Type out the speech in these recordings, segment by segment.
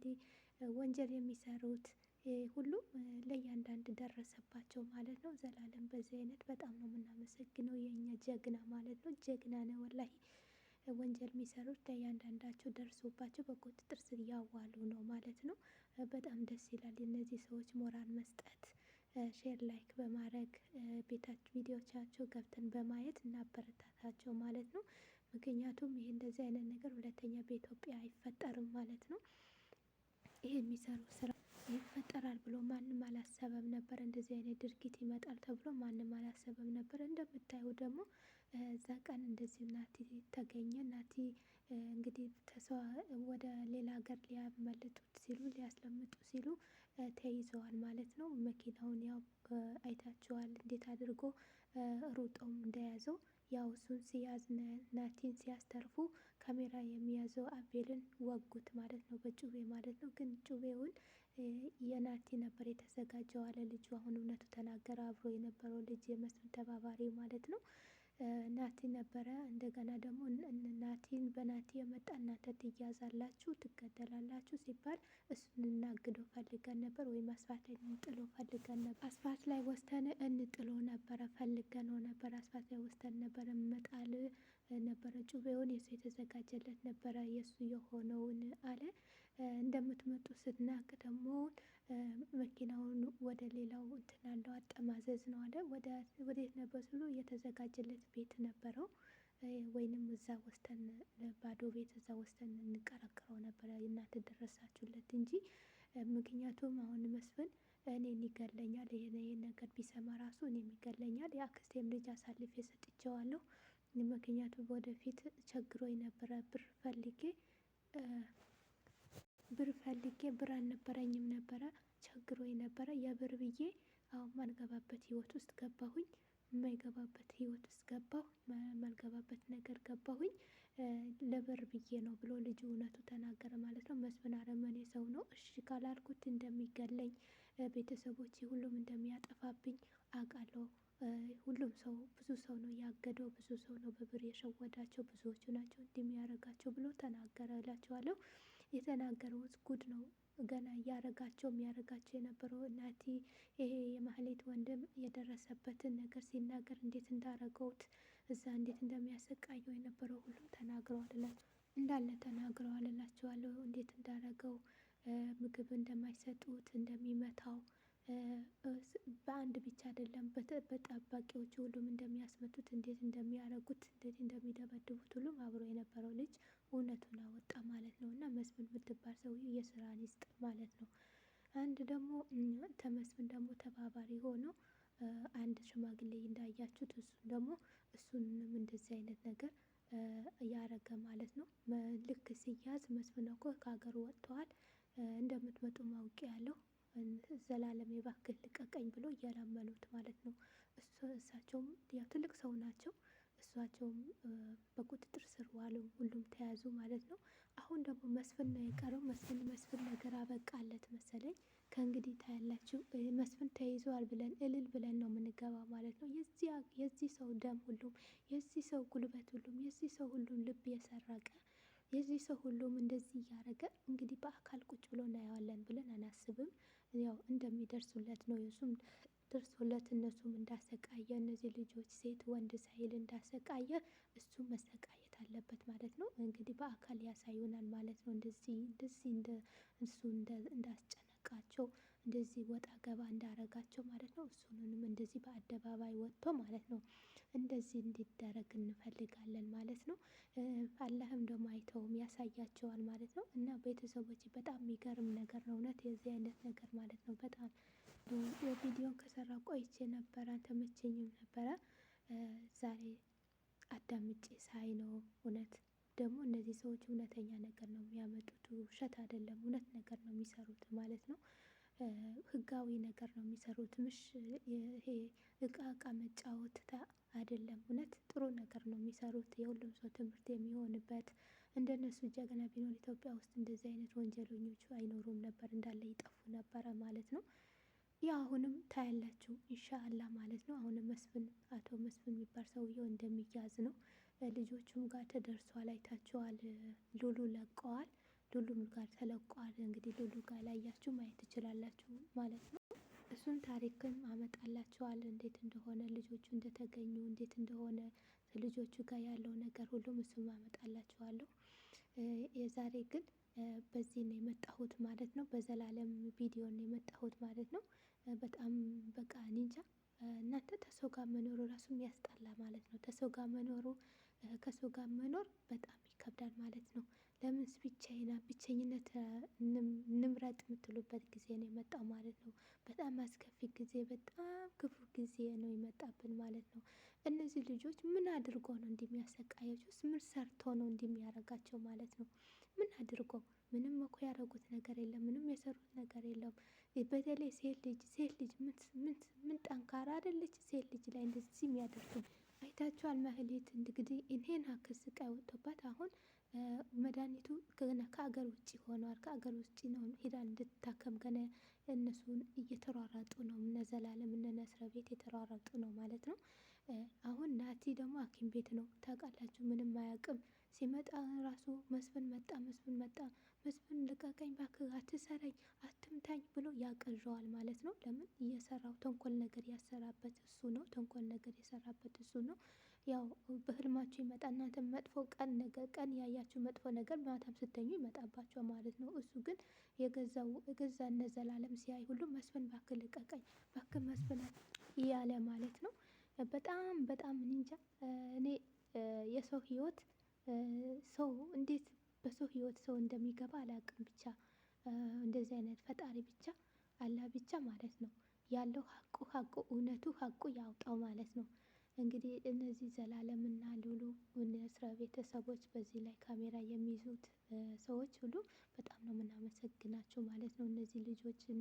እንግዲህ ወንጀል የሚሰሩት ሁሉ ለእያንዳንድ ደረሰባቸው ማለት ነው። ዘላለም በዚህ አይነት በጣም ነው የምናመሰግነው የእኛ ጀግና ማለት ነው። ጀግና ነው ወላሂ። ወንጀል የሚሰሩት ለእያንዳንዳቸው ደርሶባቸው በቁጥጥር ስር እያዋሉ ነው ማለት ነው። በጣም ደስ ይላል። እነዚህ ሰዎች ሞራል መስጠት፣ ሼር ላይክ በማድረግ ቤታቸው ቪዲዮቻቸው ገብተን በማየት እናበረታታቸው ማለት ነው። ምክንያቱም ይህ እንደዚህ አይነት ነገር ሁለተኛ በኢትዮጵያ አይፈጠርም ማለት ነው። ይህ የሚሰሩት ስራ ይፈጠራል ብሎ ማንም አላሰበም ነበር። እንደዚህ አይነት ድርጊት ይመጣል ተብሎ ማንም አላሰበም ነበር። እንደምታየው ደግሞ እዛ ቀን እንደዚህ ናቲ ተገኘ። ናቲ እንግዲህ ወደ ሌላ ሀገር ሊያመልጡት ሲሉ ሊያስለምጡ ሲሉ ተይዘዋል ማለት ነው። መኪናውን ያው አይታችኋል እንዴት አድርጎ ሩጠውም እንደያዘው ያው እሱን ሲያዝ ናቲን ሲያስተርፉ የሚያዘው አቤልን ወጉት ማለት ነው፣ በጩቤ ማለት ነው። ግን ጩቤውን የናቲ ነበር የተዘጋጀው አለ ልጁ። አሁን እውነቱ ተናገረ። አብሮ የነበረው ልጅ የመስፍን ተባባሪ ማለት ነው ናቲ ነበረ። እንደገና ደግሞ ናቲን በናቲ የመጣ እናንተ ትያዛላችሁ፣ ትገደላላችሁ ሲባል እሱን እናግዶ ፈልገን ነበር፣ ወይም አስፋት ላይ እንጥሎ ፈልገን ነበር። አስፋት ላይ ወስተን እንጥሎ ነበረ ፈልገን ነበር። አስፋት ላይ ወስተን ነበር መጣል ነበረ። ጩቤውን የሱ የተዘጋጀለት ነበረ። የሱ የሆነውን አለ። እንደምትመጡ ስናቅ ደግሞ መኪናውን ወደ ሌላው እንትን አለው አጠማዘዝ ነው አለ። ወደ ወዴት ነበር ስሉ የተዘጋጀለት ቤት ነበረው። ወይንም እዛ ወስተን ባዶ ቤት እዛ ወስተን እንቀረቅረው ነበረ። እናንተ ደረሳችሁለት እንጂ ምክንያቱም አሁን መስፍን እኔን ይገለኛል፣ ይህን ነገር ቢሰማ ራሱ እኔን ይገለኛል፣ የአክስቴም ልጅ አሳልፌ ሰጥቼዋለሁ ምክንያቱም ወደፊት ቸግሮኝ ነበረ ብር ፈልጌ ብር ፈልጌ ብር አልነበረኝም ነበረ ቸግሮኝ ነበረ። የብር ብዬ አሁን ማልገባበት ህይወት ውስጥ ገባሁኝ። የማይገባበት ህይወት ውስጥ ገባሁ። ማልገባበት ነገር ገባሁኝ። ለብር ብዬ ነው ብሎ ልጁ እውነቱ ተናገረ ማለት ነው። መስፍን አረመኔ ሰው ነው። እሺ ካላልኩት እንደሚገለኝ ቤተሰቦቼ ሁሉም እንደሚያጠፋብኝ አውቃለሁ። ሁሉም ሰው ብዙ ሰው ነው ያገደው፣ ብዙ ሰው ነው በብር የሸወዳቸው፣ ብዙዎቹ ናቸው እንደሚያረጋቸው ብሎ ተናገረ እላቸዋለሁ። የተናገረውት ጉድ ነው። ገና እያረጋቸው የሚያረጋቸው የነበረው እናቲ ይሄ የማህሌት ወንድም የደረሰበትን ነገር ሲናገር እንዴት እንዳረገውት እዛ እንዴት እንደሚያሰቃየው የነበረው ሁሉ ተናግረዋል እንዳለ ተናግረዋል እላቸዋለሁ። እንዴት እንዳረገው ምግብ እንደማይሰጡት እንደሚመታው በአንድ ብቻ አይደለም በጠባቂዎች ሁሉም እንደሚያስመቱት እንዴት እንደሚያረጉት እንዴት እንደሚደበድቡት ሁሉም አብሮ የነበረው ልጅ እውነቱን አወጣ ማለት ነው። እና መስፍን የምትባል ሰውዬው የስራን ይስጥ ማለት ነው። አንድ ደግሞ ተመስፍን ደግሞ ተባባሪ ሆኖ አንድ ሽማግሌ እንዳያችሁት እሱ ደግሞ እሱንም እንደዚህ አይነት ነገር ያረገ ማለት ነው። ልክ ሲያዝ መስፍን እኮ ከሀገር ወጥተዋል እንደምትመጡ ማውቅ ያለው ዘላለም የባክል ልቀቀኝ ብሎ እያላመኑት ማለት ነው። እሳቸውም ያው ትልቅ ሰው ናቸው። እሳቸውም በቁጥጥር ስር ዋሉ፣ ሁሉም ተያዙ ማለት ነው። አሁን ደግሞ መስፍን ነው የቀረው። መስፍን መስፍን ነገር አበቃለት መሰለኝ። ከእንግዲህ ታያላችሁ መስፍን ተይዘዋል ብለን እልል ብለን ነው የምንገባ ማለት ነው። የዚህ ሰው ደም ሁሉም፣ የዚህ ሰው ጉልበት ሁሉም፣ የዚህ ሰው ሁሉም ልብ የሰረቀ የዚህ ሰው ሁሉም እንደዚህ እያደረገ እንግዲህ በአካል ቁጭ ብሎ እናየዋለን ብለን አናስብም። ያው እንደሚደርሱለት ነው። እሱም ደርሶለት እነሱም እንዳሰቃየ እነዚህ ልጆች ሴት ወንድ ሳይል እንዳሰቃየ እሱም መሰቃየት አለበት ማለት ነው። እንግዲህ በአካል ያሳዩናል ማለት ነው። እንደዚህ እንደዚህ እንደ እሱ እንዳስጨነቃቸው እንደዚህ ወጣ ገባ እንዳረጋቸው ማለት እሱንም እንደዚህ በአደባባይ ወጥቶ ማለት ነው እንደዚህ እንዲደረግ እንፈልጋለን ማለት ነው። አላህም ደግሞ አይተውም ያሳያቸዋል ማለት ነው። እና ቤተሰቦች በጣም የሚገርም ነገር ነው እውነት የዚህ አይነት ነገር ማለት ነው። በጣም የቪዲዮ ከሰራ ቆይቼ ነበረ ተመቸኝም ነበረ። ዛሬ አዳምጬ ሳይ ነው እውነት ደግሞ እነዚህ ሰዎች እውነተኛ ነገር ነው የሚያመጡት፣ ውሸት አይደለም። እውነት ነገር ነው የሚሰሩት ማለት ነው። ህጋዊ ነገር ነው የሚሰሩት። ምሽ ይሄ እቃ እቃ መጫወት አይደለም። እውነት ጥሩ ነገር ነው የሚሰሩት። የሁሉም ሰው ትምህርት የሚሆንበት እንደነሱ ጀግና ቢኖር ኢትዮጵያ ውስጥ እንደዚህ አይነት ወንጀለኞች አይኖሩም ነበር፣ እንዳለ ይጠፉ ነበረ ማለት ነው። ያ አሁንም ታያላችሁ ኢንሻአላ ማለት ነው። አሁንም መስፍን አቶ መስፍን የሚባል ሰውዬው እንደሚያዝ ነው። ልጆቹም ጋር ተደርሷል። አይታችኋል። ሉሉ ለቀዋል። ሉሉም ጋር ተለቋል። እንግዲህ ሉሉ ጋር ላያችሁ ማየት ትችላላችሁ ማለት ነው። እሱን ታሪክም አመጣላችኋል እንዴት እንደሆነ ልጆቹ እንደተገኙ እንዴት እንደሆነ ልጆቹ ጋር ያለው ነገር ሁሉም እሱም አመጣላችኋለሁ። የዛሬ ግን በዚህ ነው የመጣሁት ማለት ነው። በዘላለም ቪዲዮ ነው የመጣሁት ማለት ነው። በጣም በቃ እንጃ እናንተ ተሰው ጋር መኖሩ ራሱ የሚያስጠላ ማለት ነው። ተሰው ጋር መኖሩ ከሰው ጋር መኖር በጣም ይከብዳል ማለት ነው። ለምንስ ብቻዬን ብቸኝነት ንምረጥ የምትሉበት ጊዜ ነው የመጣው ማለት ነው። በጣም አስከፊ ጊዜ፣ በጣም ክፉ ጊዜ ነው የመጣብን ማለት ነው። እነዚህ ልጆች ምን አድርጎ ነው እንደሚያሰቃያቸው፣ ምን ሰርቶ ነው እንደሚያደርጋቸው ማለት ነው። ምን አድርጎ ምንም እኮ ያደረጉት ነገር የለም። ምንም የሰሩት ነገር የለም። በተለይ ሴት ልጅ ሴት ልጅ ምን ጠንካራ አይደለች? ሴት ልጅ ላይ እንደዚህ የሚያደርጉ አይታችኋል። መህሌት እንግዲህ ይሄን አክል ስቃይ ወጥቶባት አሁን መድኃኒቱ ገና ከአገር ውጭ ሆነዋል። ከአገር ውጭ ነው ሄዳ እንድታከም ገና እነሱን እየተሯሯጡ ነው። እነ ዘላለም እነ ነስረ ቤት የተሯሯጡ ነው ማለት ነው። አሁን ናቲ ደግሞ ሐኪም ቤት ነው ታውቃላችሁ፣ ምንም አያውቅም። ሲመጣ ራሱ መስፍን መጣ፣ መስፍን መጣ፣ መስፍን ልቀቀኝ፣ እባክህ አትሰረኝ፣ አትምታኝ ብሎ ያቀዣዋል ማለት ነው። ለምን እየሰራው ተንኮል ነገር ያሰራበት እሱ ነው። ተንኮል ነገር የሰራበት እሱ ነው። ያው በህልማችሁ እናንተ መጥፎ ቀን ነገር ቀን ያያችሁ መጥፎ ነገር ማታም ስተኙ ይመጣባቸው ማለት ነው። እሱ ግን የገዛው የገዛ እነ ዘላለም ሲያይ ሁሉ መስፍን ባክል ልቀቀኝ ባክል መስፍን እያለ ማለት ነው። በጣም በጣም እንጃ እኔ የሰው ህይወት ሰው እንዴት በሰው ህይወት ሰው እንደሚገባ አላውቅም። ብቻ እንደዚህ አይነት ፈጣሪ ብቻ አላ ብቻ ማለት ነው ያለው ሀቁ ሀቁ እውነቱ ሀቁ ያውጣው ማለት ነው። እንግዲህ እነዚህ ዘላለም እና ሉሉ የስራ ቤተሰቦች በዚህ ላይ ካሜራ የሚይዙት ሰዎች ሁሉ በጣም ነው የምናመሰግናቸው ማለት ነው። እነዚህ ልጆችን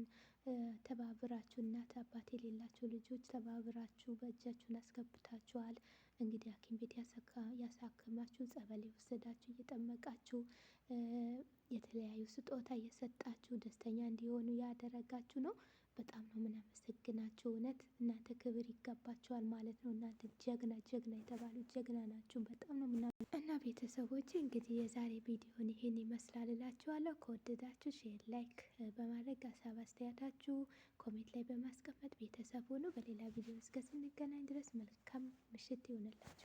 ተባብራችሁ እናት አባት የሌላቸው ልጆች ተባብራችሁ በእጃችሁን አስገብታችኋል። እንግዲህ ሐኪም ቤት ያሳከማችሁ፣ ጸበል የወሰዳችሁ፣ እየጠመቃችሁ፣ የተለያዩ ስጦታ እየሰጣችሁ ደስተኛ እንዲሆኑ ያደረጋችሁ ነው። በጣም ነው የምናመሰግናቸው። እውነት እናንተ ክብር ይገባቸዋል ማለት ነው። እናንተ ጀግና ጀግና የተባሉ ጀግና ናችሁ። በጣም ነው ምና እና ቤተሰቦች እንግዲህ የዛሬ ቪዲዮን ይህን ይመስላል እላችኋለሁ። ከወደዳችሁ ሼር፣ ላይክ በማድረግ ሀሳብ አስተያየታችሁ ኮሜንት ላይ በማስቀመጥ ቤተሰብ ሆኖ በሌላ ቪዲዮ እስከ ስንገናኝ ድረስ መልካም ምሽት ይሆንላችሁ።